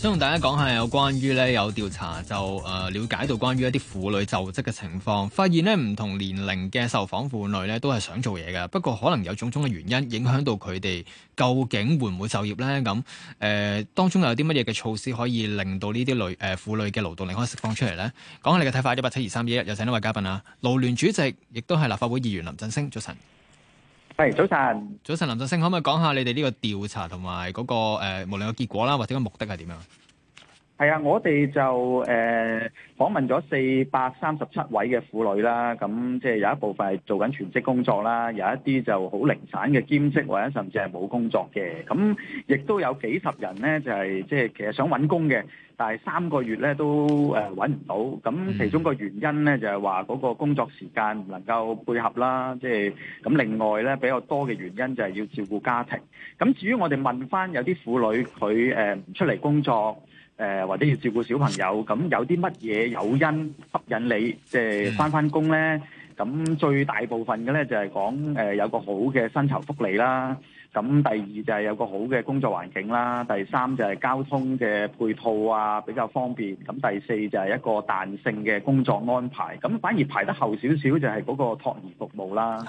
想同大家講下有關於有調查就誒了解到關於一啲婦女就職嘅情況，發現咧唔同年齡嘅受訪婦女都係想做嘢嘅，不過可能有種種嘅原因影響到佢哋究竟會唔會就業呢？咁誒、呃、當中有啲乜嘢嘅措施可以令到呢啲女誒婦女嘅勞動力可以釋放出嚟呢？講下你嘅睇法，一八七二三一一，有請一位嘉賓啊，勞聯主席，亦都係立法會議員林振昇早晨。喂，早晨，早晨，早晨，林振昇，可唔可以講下你哋呢個調查同埋嗰個誒、呃，無論個結果啦，或者個目的係點樣？係啊，我哋就誒、呃、訪問咗四百三十七位嘅婦女啦，咁即係有一部分係做緊全職工作啦，有一啲就好零散嘅兼職或者甚至係冇工作嘅，咁亦都有幾十人咧，就係即係其實想揾工嘅，但係三個月咧都誒揾唔到。咁其中個原因咧就係話嗰個工作時間唔能夠配合啦，即係咁另外咧比較多嘅原因就係要照顧家庭。咁至於我哋問翻有啲婦女佢誒唔出嚟工作。誒或者要照顧小朋友，咁有啲乜嘢誘因吸引你即係翻翻工呢？咁最大部分嘅咧就係講誒有個好嘅薪酬福利啦。咁第二就係有個好嘅工作環境啦。第三就係交通嘅配套啊，比較方便。咁第四就係一個彈性嘅工作安排。咁反而排得後少少就係嗰個託兒服務啦。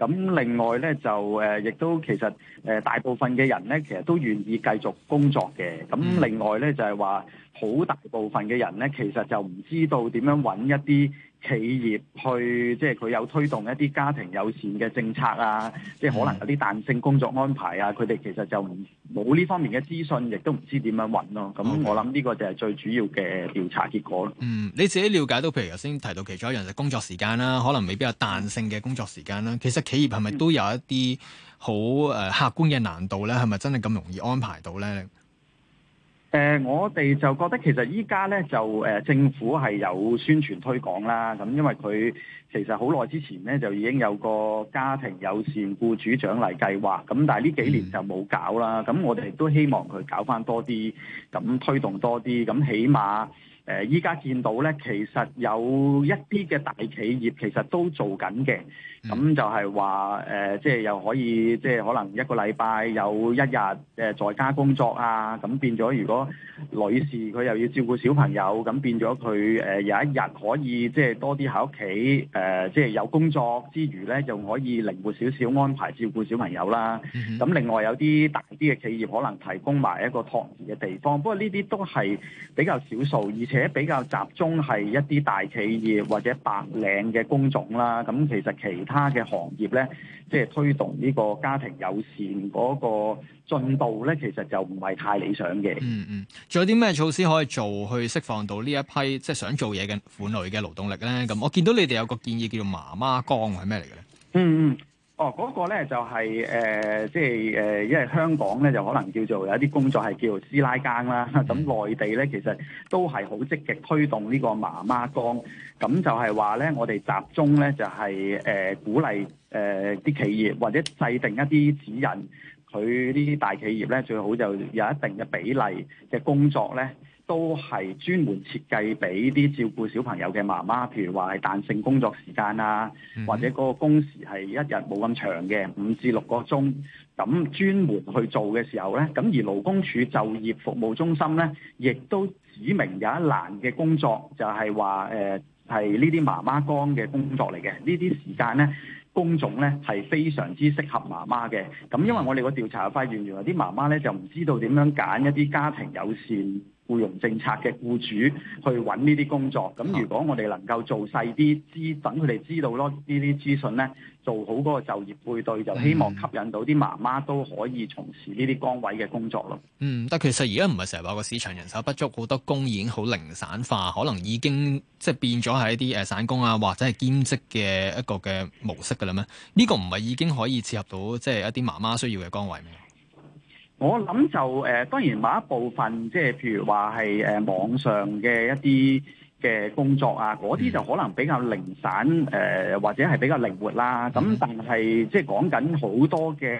咁另外咧就誒，亦都其實誒、呃、大部分嘅人咧，其實都願意繼續工作嘅。咁另外咧就係話，好大部分嘅人咧，其實就唔知道點樣揾一啲企業去，即係佢有推動一啲家庭友善嘅政策啊，即係可能有啲彈性工作安排啊。佢哋其實就唔冇呢方面嘅資訊，亦都唔知點樣揾咯、啊。咁我諗呢個就係最主要嘅調查結果咯。嗯，你自己了解到，譬如頭先提到其中一樣，就是，工作時間啦，可能未必有彈性嘅工作時間啦。其實。企業係咪都有一啲好誒客觀嘅難度呢？係咪真係咁容易安排到呢？誒、呃，我哋就覺得其實依家呢，就誒、呃、政府係有宣傳推廣啦。咁因為佢其實好耐之前呢，就已經有個家庭友善僱主獎勵計劃。咁但係呢幾年就冇搞啦。咁、嗯、我哋都希望佢搞翻多啲，咁推動多啲。咁起碼誒依家見到呢，其實有一啲嘅大企業其實都做緊嘅。咁就係話、呃、即係又可以即係可能一個禮拜有一日誒在家工作啊。咁變咗，如果女士佢又要照顧小朋友，咁變咗佢誒有一日可以即係多啲喺屋企誒，即係有工作之餘咧，就可以靈活少少安排照顧小朋友啦。咁 另外有啲大啲嘅企業可能提供埋一個托兒嘅地方，不過呢啲都係比較少數，而且比較集中係一啲大企業或者白領嘅工種啦。咁其實其其他嘅行業咧，即係推動呢個家庭友善嗰個進度咧，其實就唔係太理想嘅、嗯。嗯嗯，仲有啲咩措施可以做去釋放到呢一批即係想做嘢嘅款類嘅勞動力咧？咁我見到你哋有個建議叫做媽媽崗，係咩嚟嘅咧？嗯嗯。哦，嗰、那個咧就係即係因為香港咧就可能叫做有一啲工作係叫做師奶更啦。咁內地咧其實都係好積極推動呢個媽媽崗，咁就係話咧，我哋集中咧就係、是、誒、呃、鼓勵誒啲、呃、企業或者制定一啲指引，佢呢啲大企業咧最好就有一定嘅比例嘅工作咧。都係專門設計俾啲照顧小朋友嘅媽媽，譬如話係彈性工作時間啊，或者個工時係一日冇咁長嘅五至六個鐘咁，專門去做嘅時候呢，咁而勞工處就業服務中心呢，亦都指明有一欄嘅工作就係話誒係呢啲媽媽崗嘅工作嚟嘅。呢啲時間呢，工種呢係非常之適合媽媽嘅。咁因為我哋個調查發現原來啲媽媽呢就唔知道點樣揀一啲家庭友善僱傭政策嘅僱主去揾呢啲工作，咁如果我哋能夠做細啲資等佢哋知道咯，呢啲資訊咧，做好嗰個就業配對，就希望吸引到啲媽媽都可以從事呢啲崗位嘅工作咯。嗯，但其實而家唔係成日話個市場人手不足，好多工已經好零散化，可能已經即係變咗係一啲誒散工啊，或者係兼職嘅一個嘅模式㗎啦咩？呢個唔係已經可以切入到即係一啲媽媽需要嘅崗位咩？我諗就誒、呃，當然某一部分即係譬如話係誒網上嘅一啲嘅工作啊，嗰啲就可能比較零散誒、呃，或者係比較靈活啦。咁但係即係講緊好多嘅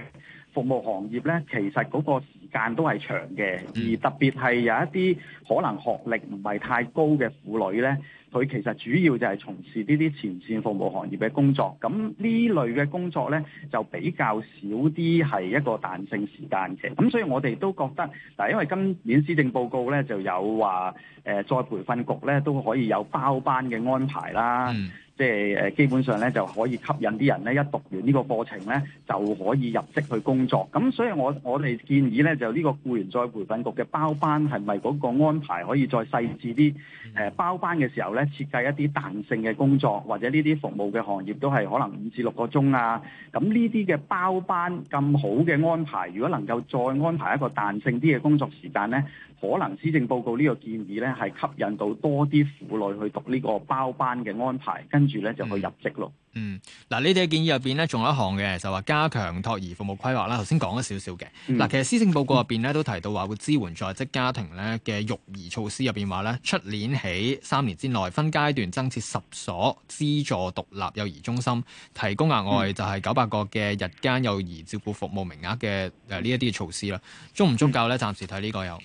服務行業咧，其實嗰個時間都係長嘅，而特別係有一啲可能學歷唔係太高嘅婦女咧。佢其實主要就係從事呢啲前線服務行業嘅工作，咁呢類嘅工作呢，就比較少啲係一個彈性時間嘅，咁所以我哋都覺得嗱，但因為今年施政報告呢就有話，誒、呃、再培訓局呢都可以有包班嘅安排啦。嗯即係基本上咧就可以吸引啲人咧，一讀完呢個課程咧就可以入職去工作。咁所以我我哋建議咧，就呢個雇員再培訓局嘅包班係咪嗰個安排可以再細緻啲？誒，包班嘅時候咧，設計一啲彈性嘅工作，或者呢啲服務嘅行業都係可能五至六個鐘啊。咁呢啲嘅包班咁好嘅安排，如果能夠再安排一個彈性啲嘅工作時間咧，可能施政報告呢個建議咧係吸引到多啲婦女去讀呢個包班嘅安排，跟住咧就去入職咯、嗯。嗯，嗱，你哋嘅建議入邊咧，仲有一項嘅就話加強托兒服務規劃啦。頭先講咗少少嘅嗱，嗯、其實施政報告入邊咧都提到話會支援在職家庭咧嘅育兒措施入邊話咧，出年起三年之內分階段增設十所資助獨立幼兒中心，提供額外就係九百個嘅日間幼兒照顧服務名額嘅誒呢一啲嘅措施啦。足唔足夠咧？暫時睇呢個有。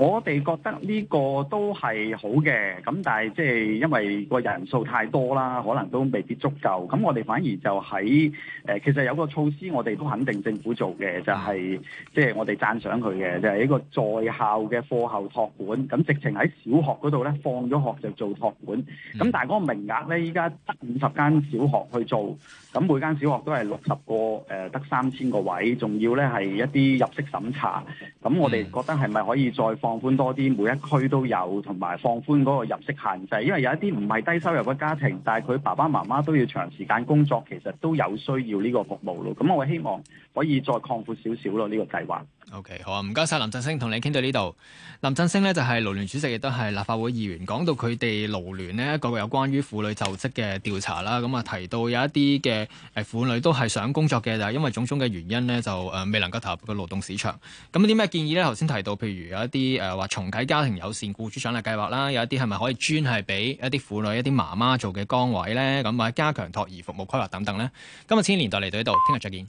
我哋覺得呢個都係好嘅，咁但係即係因為個人數太多啦，可能都未必足夠。咁我哋反而就喺、呃、其實有個措施，我哋都肯定政府做嘅，就係即係我哋讚賞佢嘅，就係、是就是、一個在校嘅課後託管。咁直情喺小學嗰度咧，放咗學就做託管。咁、嗯、但係嗰個名額咧，依家得五十間小學去做，咁每間小學都係六十個、呃、得三千個位，仲要咧係一啲入息審查。咁我哋覺得係咪可以再放？放寬多啲，每一區都有，同埋放寬嗰個入息限制，因為有一啲唔係低收入嘅家庭，但係佢爸爸媽媽都要長時間工作，其實都有需要呢個服務咯。咁我希望可以再擴闊少少咯，呢個計劃。O.K. 好啊，唔該晒。林振昇，同你傾到呢度。林振昇呢，就係、是、勞聯主席，亦都係立法會議員。講到佢哋勞聯呢，個個有關於婦女就職嘅調查啦，咁、嗯、啊提到有一啲嘅誒婦女都係想工作嘅，就係因為種種嘅原因呢，就誒、呃、未能夠投入到勞動市場。咁啲咩建議呢？頭先提到，譬如有一啲誒話重啟家庭友善雇主獎勵計劃啦，有一啲係咪可以專係俾一啲婦女、一啲媽媽做嘅崗位呢？咁或者加強托兒服務規劃等等呢。今日千禧年代嚟到呢度，聽日再見。